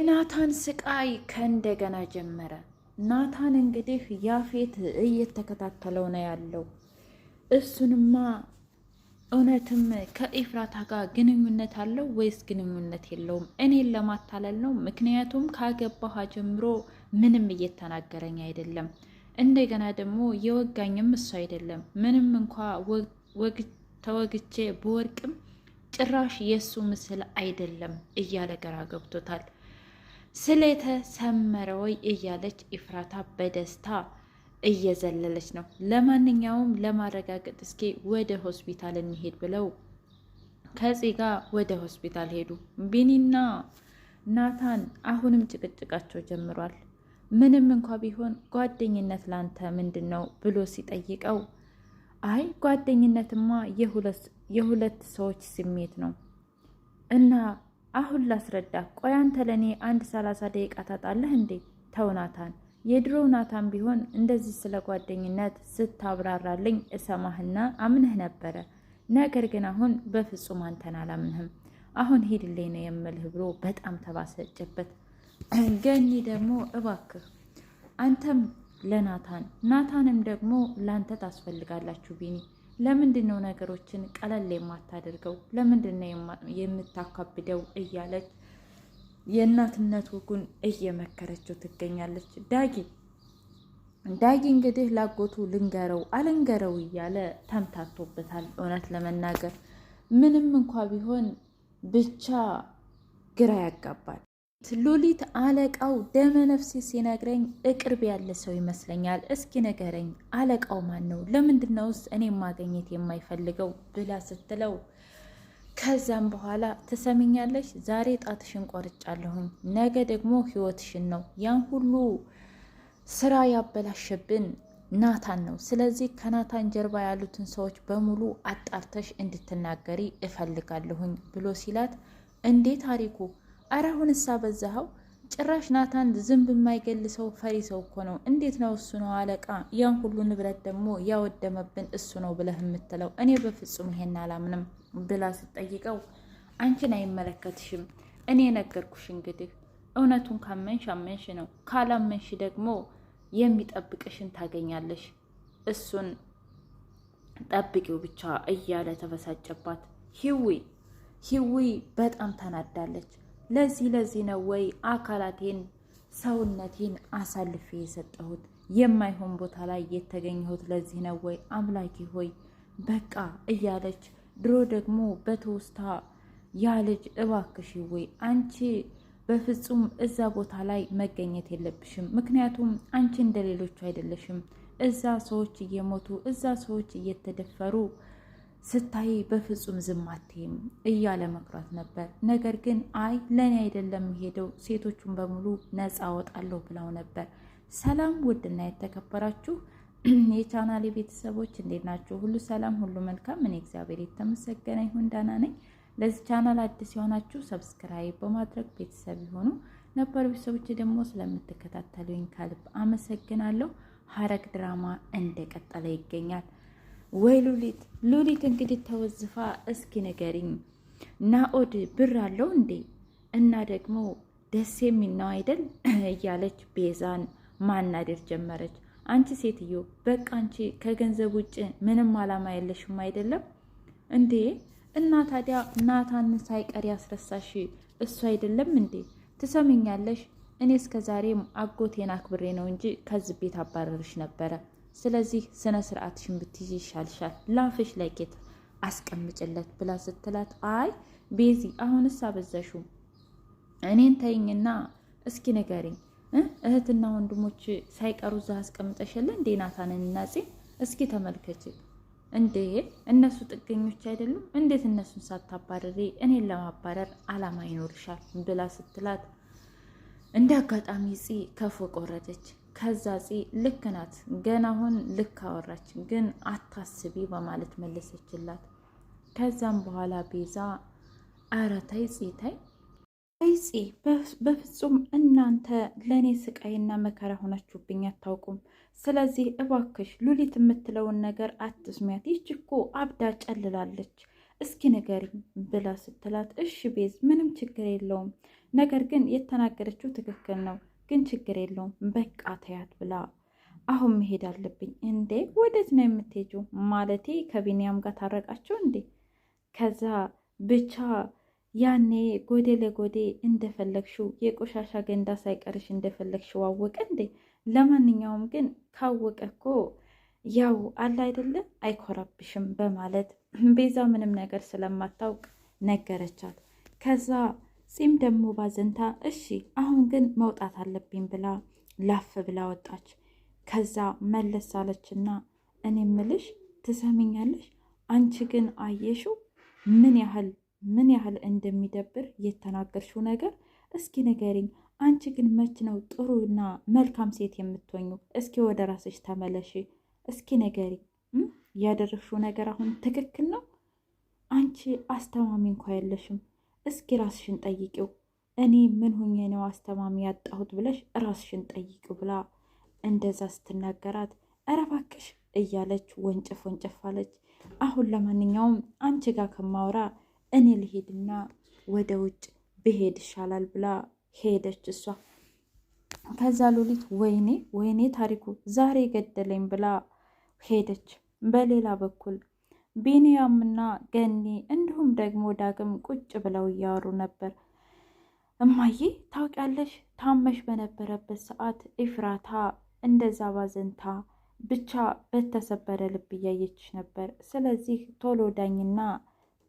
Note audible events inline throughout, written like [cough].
የናታን ስቃይ ከእንደገና ጀመረ። ናታን እንግዲህ ያፌት እየተከታተለው ነው ያለው። እሱንማ እውነትም ከኢፍራታ ጋር ግንኙነት አለው ወይስ ግንኙነት የለውም? እኔን ለማታለል ነው። ምክንያቱም ካገባህ ጀምሮ ምንም እየተናገረኝ አይደለም። እንደገና ደግሞ የወጋኝም እሱ አይደለም። ምንም እንኳ ተወግቼ ብወርቅም ጭራሽ የእሱ ምስል አይደለም እያለ ገራ ገብቶታል። ስለተሰመረ ወይ እያለች ኢፍራታ በደስታ እየዘለለች ነው። ለማንኛውም ለማረጋገጥ እስኪ ወደ ሆስፒታል እንሄድ ብለው ከዚህ ጋር ወደ ሆስፒታል ሄዱ። ቢኒና ናታን አሁንም ጭቅጭቃቸው ጀምሯል። ምንም እንኳ ቢሆን ጓደኝነት ላንተ ምንድን ነው ብሎ ሲጠይቀው አይ ጓደኝነትማ የሁለት ሰዎች ስሜት ነው እና አሁን ላስረዳ። ቆይ አንተ ለእኔ አንድ ሰላሳ ደቂቃ ታጣለህ እንዴ? ተው ናታን። የድሮው ናታን ቢሆን እንደዚህ ስለ ጓደኝነት ስታብራራልኝ እሰማህና አምንህ ነበረ። ነገር ግን አሁን በፍጹም አንተን አላምንህም። አሁን ሂድልኝ ነው የምልህ ብሎ በጣም ተባሰጭበት። ገኒ ደግሞ እባክህ አንተም ለናታን ናታንም ደግሞ ላንተ ታስፈልጋላችሁ ቢኒ ለምንድን ነው ነገሮችን ቀለል የማታደርገው? ለምንድን ነው የምታካብደው? እያለች የእናትነት ወጉን እየመከረችው ትገኛለች። ዳጊ ዳጊ እንግዲህ ላጎቱ ልንገረው አልንገረው እያለ ተምታቶበታል። እውነት ለመናገር ምንም እንኳ ቢሆን ብቻ ግራ ያጋባል። ሉሊት አለቃው ደመነፍሴ ሲነግረኝ እቅርብ ያለ ሰው ይመስለኛል። እስኪ ንገረኝ አለቃው ማን ነው? ለምንድን ውስጥ እኔ ማገኘት የማይፈልገው ብላ ስትለው ከዛም በኋላ ትሰሚኛለሽ፣ ዛሬ ጣትሽን ቆርጫለሁኝ፣ ነገ ደግሞ ህይወትሽን ነው። ያን ሁሉ ስራ ያበላሸብን ናታን ነው። ስለዚህ ከናታን ጀርባ ያሉትን ሰዎች በሙሉ አጣርተሽ እንድትናገሪ እፈልጋለሁኝ ብሎ ሲላት እንዴት ታሪኩ አረ እሳ በዛኸው ጭራሽ ናታን ዝንብ የማይገል ሰው ፈሪ ሰው እኮ ነው። እንዴት ነው እሱ ነው አለቃ፣ ያን ሁሉ ንብረት ደግሞ ያወደመብን እሱ ነው ብለህ የምትለው? እኔ በፍጹም ይሄን አላምንም ብላ ስጠይቀው፣ አንቺን አይመለከትሽም፣ እኔ ነገርኩሽ። እንግዲህ እውነቱን ካመንሽ አመንሽ ነው፣ ካላመንሽ ደግሞ የሚጠብቅሽን ታገኛለሽ። እሱን ጠብቂው ብቻ እያለ ተበሳጨባት። ሂዊ ሂዊ በጣም ተናዳለች። ለዚህ ለዚህ ነው ወይ አካላቴን ሰውነቴን አሳልፌ የሰጠሁት የማይሆን ቦታ ላይ የተገኘሁት ለዚህ ነው ወይ አምላኬ ሆይ በቃ እያለች ድሮ ደግሞ በትውስታ ያ ልጅ እባክሽ ወይ አንቺ በፍጹም እዛ ቦታ ላይ መገኘት የለብሽም ምክንያቱም አንቺ እንደሌሎቹ አይደለሽም እዛ ሰዎች እየሞቱ እዛ ሰዎች እየተደፈሩ ስታይ በፍጹም ዝም አትይም እያለ መክሯት ነበር። ነገር ግን አይ ለእኔ አይደለም ሄደው ሴቶቹን በሙሉ ነፃ አወጣለሁ ብለው ነበር። ሰላም ውድና የተከበራችሁ [clears throat] የቻናሌ ቤተሰቦች እንዴት ናቸው? ሁሉ ሰላም፣ ሁሉ መልካም። እኔ እግዚአብሔር የተመሰገነ ይሁን ደህና ነኝ። ለዚህ ቻናል አዲስ የሆናችሁ ሰብስክራይብ በማድረግ ቤተሰብ የሆኑ ነበሩ ቤተሰቦች ደግሞ ስለምትከታተሉኝ ከልብ አመሰግናለሁ። ሐረግ ድራማ እንደቀጠለ ይገኛል። ወይ ሉሊት ሉሊት እንግዲህ ተወዝፋ እስኪ ንገሪኝ፣ ናኦድ ብር አለው እንዴ? እና ደግሞ ደስ የሚል ነው አይደል? [clears throat] እያለች ቤዛን ማናደር ጀመረች። አንቺ ሴትዮ በቃ አንቺ ከገንዘብ ውጭ ምንም አላማ የለሽም አይደለም እንዴ? እና ታዲያ ናታን ሳይቀር ያስረሳሽ እሱ አይደለም እንዴ? ትሰሚኛለሽ? እኔ እስከ ዛሬም አጎቴን አክብሬ ነው እንጂ ከዚህ ቤት አባረርሽ ነበረ ስለዚህ ስነ ስርዓትሽን ብትይዥ ይሻልሻል፣ ላፍሽ ላይ አስቀምጭለት ብላ ስትላት፣ አይ ቤዚ አሁንስ አበዛሽው፣ እኔን ተይኝና እስኪ ንገሪኝ እህትና ወንድሞች ሳይቀሩ እዛ አስቀምጠሽለ እንዴ ናታንን እናጼ እስኪ ተመልከች እንዴ እነሱ ጥገኞች አይደሉም? እንዴት እነሱን ሳታባረሪ እኔን ለማባረር አላማ ይኖርሻል? ብላ ስትላት እንደ አጋጣሚ ፂ ከፎቅ ወረደች። ከዛ ጺ ልክ ናት ገና አሁን ልክ አወራች፣ ግን አታስቢ በማለት መለሰችላት። ከዛም በኋላ ቤዛ አረ ተይ ጺ ተይ ተይ ጺ በፍጹም እናንተ ለእኔ ስቃይና መከራ ሆናችሁብኝ አታውቁም። ስለዚህ እባክሽ ሉሊት የምትለውን ነገር አትስሚያት፣ ይች እኮ አብዳ ጨልላለች እስኪ ነገር ብላ ስትላት፣ እሺ ቤዝ ምንም ችግር የለውም ነገር ግን የተናገረችው ትክክል ነው ግን ችግር የለውም በቃ ተያት ብላ አሁን መሄድ አለብኝ። እንዴ ወዴት ነው የምትሄጁ ማለቴ ከቢንያም ጋር ታረቃቸው እንዴ? ከዛ ብቻ ያኔ ጎዴ ለጎዴ እንደፈለግሽው የቆሻሻ ገንዳ ሳይቀርሽ እንደፈለግሽው አወቀ እንዴ? ለማንኛውም ግን ካወቀ እኮ ያው አለ አይደለም አይኮራብሽም በማለት ቤዛ ምንም ነገር ስለማታውቅ ነገረቻት። ከዛ ፂም ደግሞ ባዘንታ እሺ አሁን ግን መውጣት አለብኝ ብላ ላፍ ብላ ወጣች። ከዛ መለስ አለችና እኔ ምልሽ ትሰሚኛለሽ? አንቺ ግን አየሽው ምን ያህል ምን ያህል እንደሚደብር የተናገርሽው ነገር እስኪ ንገሪኝ። አንቺ ግን መች ነው ጥሩና መልካም ሴት የምትሆኙ? እስኪ ወደ ራስሽ ተመለሽ። እስኪ ንገሪኝ፣ ያደረግሽው ነገር አሁን ትክክል ነው? አንቺ አስተማሚ እንኳ የለሽም። እስኪ ራስሽን ጠይቂው፣ እኔ ምን ሁኜ ነው አስተማሚ ያጣሁት ብለሽ ራስሽን ጠይቂው ብላ እንደዛ ስትናገራት ኧረ እባክሽ እያለች ወንጭፍ ወንጭፍ አለች። አሁን ለማንኛውም አንቺ ጋር ከማውራ እኔ ልሄድና ወደ ውጭ ብሄድ ይሻላል ብላ ሄደች እሷ። ከዛ ሉሊት ወይኔ ወይኔ ታሪኩ ዛሬ ገደለኝ ብላ ሄደች። በሌላ በኩል ቢንያምና ገኒ እንዲሁም ደግሞ ዳግም ቁጭ ብለው እያወሩ ነበር። እማዬ ታውቂያለሽ፣ ታመሽ በነበረበት ሰዓት ኤፍራታ እንደዛ ባዘንታ ብቻ በተሰበረ ልብ እያየችሽ ነበር። ስለዚህ ቶሎ ዳኝና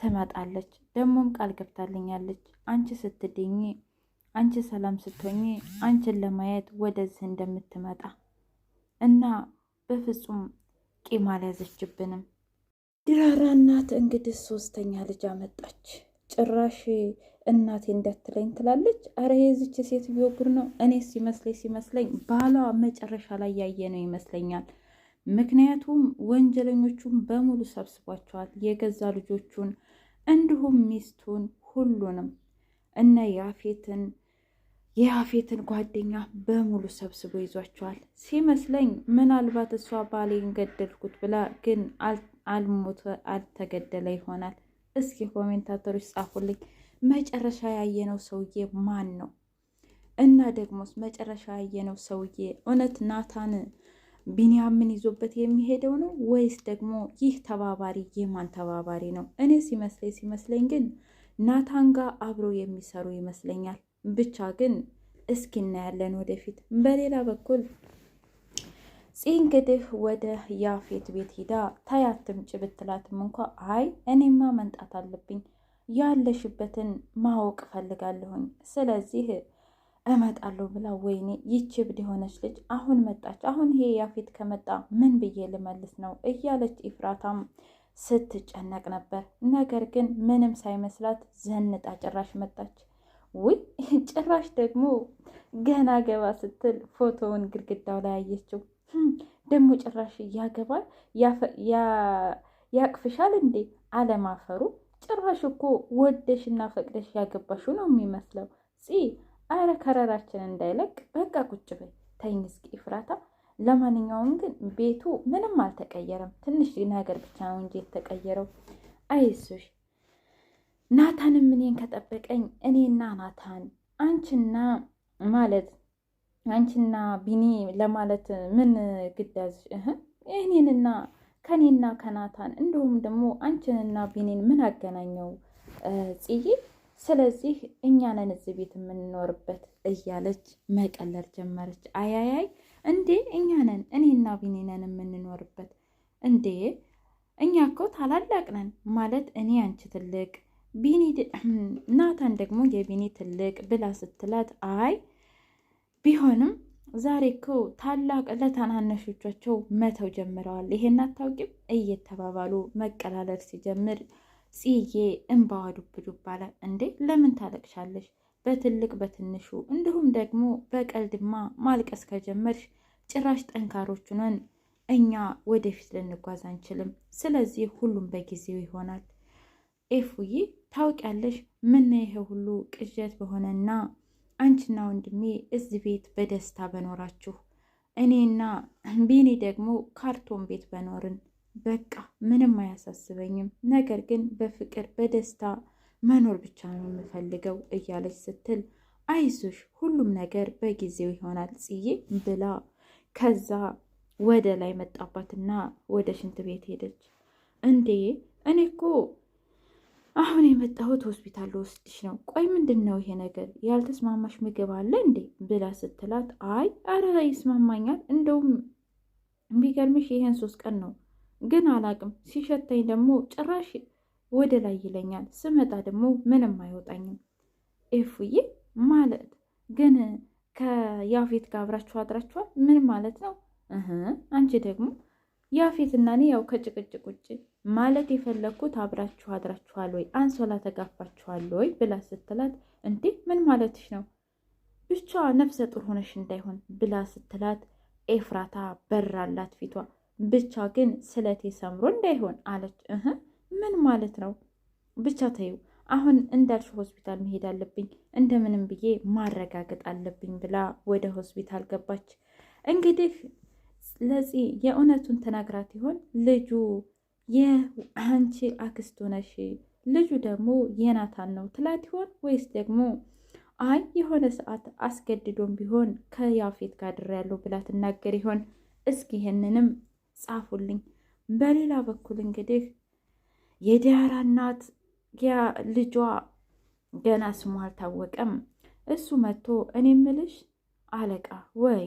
ትመጣለች። ደግሞም ቃል ገብታልኛለች አንቺ ስትድኝ፣ አንቺ ሰላም ስትሆኝ፣ አንቺን ለማየት ወደዚህ እንደምትመጣ እና በፍጹም ቂም አልያዘችብንም። ዲራራ እናት እንግዲህ ሶስተኛ ልጅ አመጣች። ጭራሽ እናቴ እንዳትለኝ ትላለች። አረ የዚች ሴትዮ ጉድ ነው። እኔ ሲመስለኝ ሲመስለኝ ባሏ መጨረሻ ላይ ያየ ነው ይመስለኛል። ምክንያቱም ወንጀለኞቹን በሙሉ ሰብስቧቸዋል። የገዛ ልጆቹን እንዲሁም ሚስቱን ሁሉንም እነ ያፌትን የያፌትን ጓደኛ በሙሉ ሰብስቦ ይዟቸዋል። ሲመስለኝ ምናልባት እሷ ባሌን ገደልኩት ብላ ግን አል አልሞተ አልተገደለ ይሆናል። እስኪ ኮሜንታተሮች ጻፉልኝ። መጨረሻ ያየነው ሰውዬ ማን ነው? እና ደግሞስ መጨረሻ ያየነው ሰውዬ እውነት ናታን ቢንያምን ይዞበት የሚሄደው ነው ወይስ ደግሞ ይህ ተባባሪ የማን ተባባሪ ነው? እኔ ሲመስለኝ ሲመስለኝ ግን ናታን ጋር አብረው የሚሰሩ ይመስለኛል። ብቻ ግን እስኪ እናያለን ወደፊት በሌላ በኩል ፂ እንግዲህ ወደ ያፌት ቤት ሂዳ ታያትም ጭብትላትም እንኳ አይ እኔማ መንጣት አለብኝ ያለሽበትን ማወቅ ፈልጋለሁኝ ስለዚህ እመጣለሁ ብላ ወይኔ ይቺ ብድ የሆነች ልጅ አሁን መጣች። አሁን ይሄ ያፌት ከመጣ ምን ብዬ ልመልስ ነው እያለች ኢፍራታም ስትጨነቅ ነበር። ነገር ግን ምንም ሳይመስላት ዘንጣ ጭራሽ መጣች። ውይ ጭራሽ ደግሞ ገና ገባ ስትል ፎቶውን ግድግዳው ላይ አየችው። ደግሞ ጭራሽ ያገባል ያቅፍሻል እንዴ? አለማፈሩ ጭራሽ እኮ እና ፈቅደሽ ያገባሹ ነው የሚመስለው። ፂ አረ ከረራችን እንዳይለቅ በቃ ቁጭ በይ ተይኝ እስኪ ለማንኛውም ግን ቤቱ ምንም አልተቀየረም፣ ትንሽ ነገር ብቻ ነው እንጂ የተቀየረው። አይሱሽ ናታንም እኔን ከጠበቀኝ እኔና ናታን አንቺና ማለት አንቺና ቢኒ ለማለት ምን ግዳዝ? ይህኔንና ከኔና ከናታን እንዲሁም ደግሞ አንቺንና ቢኒን ምን አገናኘው ጽዬ? ስለዚህ እኛ ነን እዚህ ቤት የምንኖርበት እያለች መቀለር ጀመረች። አያያይ እንዴ እኛ ነን እኔና ቢኒ ነን የምንኖርበት እንዴ? እኛ እኮ ታላላቅ ነን ማለት እኔ አንቺ ትልቅ ናታን ደግሞ የቢኒ ትልቅ ብላ ስትላት አይ ቢሆንም ዛሬ እኮ ታላቅ ለታናናሾቻቸው መተው ጀምረዋል። ይሄን አታውቂም እየተባባሉ መቀላለድ ሲጀምር ጽዬ እንባዋ ዱብ ዱብ አለ። እንዴ ለምን ታለቅሻለሽ? በትልቅ በትንሹ እንዲሁም ደግሞ በቀልድማ ማልቀስ ከጀመርሽ ጭራሽ ጠንካሮች ነን እኛ ወደፊት ልንጓዝ አንችልም። ስለዚህ ሁሉም በጊዜው ይሆናል። ኤፉዬ ታውቂያለሽ ምን ይሄ ሁሉ ቅዠት በሆነና አንቺና ወንድሜ እዚህ ቤት በደስታ በኖራችሁ እኔና ቢኒ ደግሞ ካርቶን ቤት በኖርን በቃ ምንም አያሳስበኝም። ነገር ግን በፍቅር በደስታ መኖር ብቻ ነው የምፈልገው እያለች ስትል አይዞሽ፣ ሁሉም ነገር በጊዜው ይሆናል ጽዬ ብላ ከዛ ወደ ላይ መጣባትና ወደ ሽንት ቤት ሄደች። እንዴ እኔ እኮ አሁን የመጣሁት ሆስፒታል ልወስድሽ ነው። ቆይ ምንድን ነው ይሄ ነገር? ያልተስማማሽ ምግብ አለ እንዴ ብላ ስትላት፣ አይ አረ ይስማማኛል። እንደውም ቢገርምሽ ይሄን ሶስት ቀን ነው ግን አላቅም። ሲሸተኝ ደግሞ ጭራሽ ወደ ላይ ይለኛል። ስመጣ ደግሞ ምንም አይወጣኝም። ኤፉዬ ማለት ግን ከያፌት ጋር አብራችሁ አድራችኋል? ምን ማለት ነው? አንቺ ደግሞ ያፌትና እኔ ያው ከጭቅጭቅ ውጭ ማለት የፈለግኩት አብራችሁ አድራችኋል ወይ አንሶላ ተጋፋችኋል ወይ ብላ ስትላት፣ እንዴ ምን ማለትሽ ነው? ብቻ ነፍሰ ጡር ሆነሽ እንዳይሆን ብላ ስትላት፣ ኤፍራታ በራላት ፊቷ። ብቻ ግን ስለቴ ሰምሮ እንዳይሆን አለች። እህ ምን ማለት ነው? ብቻ ተይው አሁን እንዳልሽ ሆስፒታል መሄድ አለብኝ፣ እንደምንም ብዬ ማረጋገጥ አለብኝ ብላ ወደ ሆስፒታል ገባች። እንግዲህ ለፂ የእውነቱን ተናግራት ይሆን? ልጁ የአንቺ አክስቱ ነሽ፣ ልጁ ደግሞ የናታን ነው ትላት ይሆን? ወይስ ደግሞ አይ የሆነ ሰዓት አስገድዶም ቢሆን ከያፌት ጋር ያለው ብላ ትናገር ይሆን? እስኪ ይህንንም ጻፉልኝ። በሌላ በኩል እንግዲህ የዲያራ እናት ልጇ ገና ስሙ አልታወቀም። እሱ መጥቶ እኔ ምልሽ አለቃ ወይ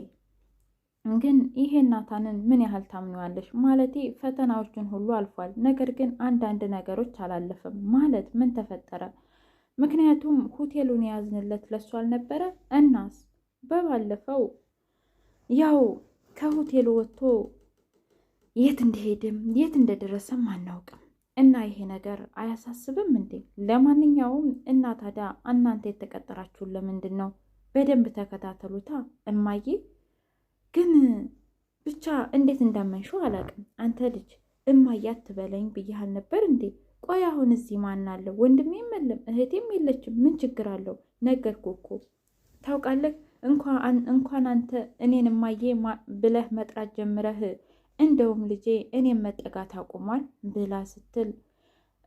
ግን ይሄ ናታንን ምን ያህል ታምኘዋለሽ? ማለቴ ፈተናዎችን ሁሉ አልፏል። ነገር ግን አንዳንድ ነገሮች አላለፈም። ማለት ምን ተፈጠረ? ምክንያቱም ሆቴሉን የያዝንለት ለሱ አልነበረ። እናስ በባለፈው ያው ከሆቴሉ ወጥቶ የት እንደሄድም የት እንደደረሰም አናውቅም። እና ይሄ ነገር አያሳስብም እንዴ? ለማንኛውም እና ታዲያ እናንተ የተቀጠራችሁን ለምንድን ነው? በደንብ ተከታተሉታ እማዬ ግን ብቻ እንዴት እንዳመንሹ አላውቅም። አንተ ልጅ እማዬ አትበለኝ ብያህል ነበር እንዴ? ቆይ አሁን እዚህ ማን አለው? ወንድሜም የለም እህቴም የለችም። ምን ችግር አለው? ነገርኩህ እኮ ታውቃለህ። እንኳን አንተ እኔን እማዬ ብለህ መጥራት ጀምረህ እንደውም ልጄ እኔም መጠጋት አቁሟል ብላ ስትል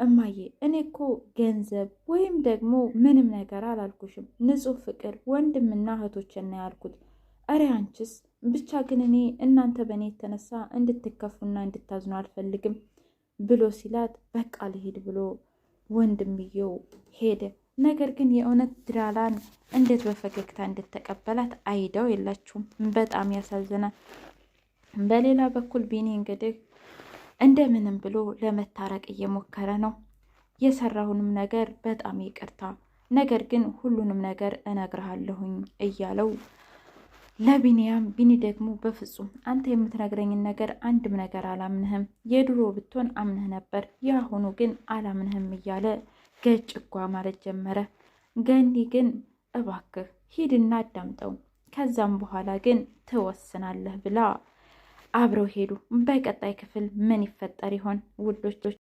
እማዬ እኔ እኮ ገንዘብ ወይም ደግሞ ምንም ነገር አላልኩሽም። ንጹህ ፍቅር ወንድምና እህቶችን ነው ያልኩት። እረ አንቺስ ብቻ ግን እኔ እናንተ በእኔ የተነሳ እንድትከፉና እንድታዝኑ አልፈልግም ብሎ ሲላት በቃ ልሄድ ብሎ ወንድምየው ሄደ። ነገር ግን የእውነት ድራላን እንዴት በፈገግታ እንድተቀበላት አይደው የላችሁም። በጣም ያሳዝናል። በሌላ በኩል ቢኒ እንግዲህ እንደምንም ብሎ ለመታረቅ እየሞከረ ነው። የሰራሁንም ነገር በጣም ይቅርታ፣ ነገር ግን ሁሉንም ነገር እነግርሃለሁኝ እያለው ለቢንያም ቢኒ ደግሞ በፍጹም አንተ የምትነግረኝን ነገር አንድም ነገር አላምንህም፣ የድሮ ብትሆን አምንህ ነበር፣ የአሁኑ ግን አላምንህም እያለ ገጭጓ ማለት ጀመረ። ገኒ ግን እባክህ ሂድና አዳምጠው፣ ከዛም በኋላ ግን ትወስናለህ ብላ አብረው ሄዱ። በቀጣይ ክፍል ምን ይፈጠር ይሆን ውዶች?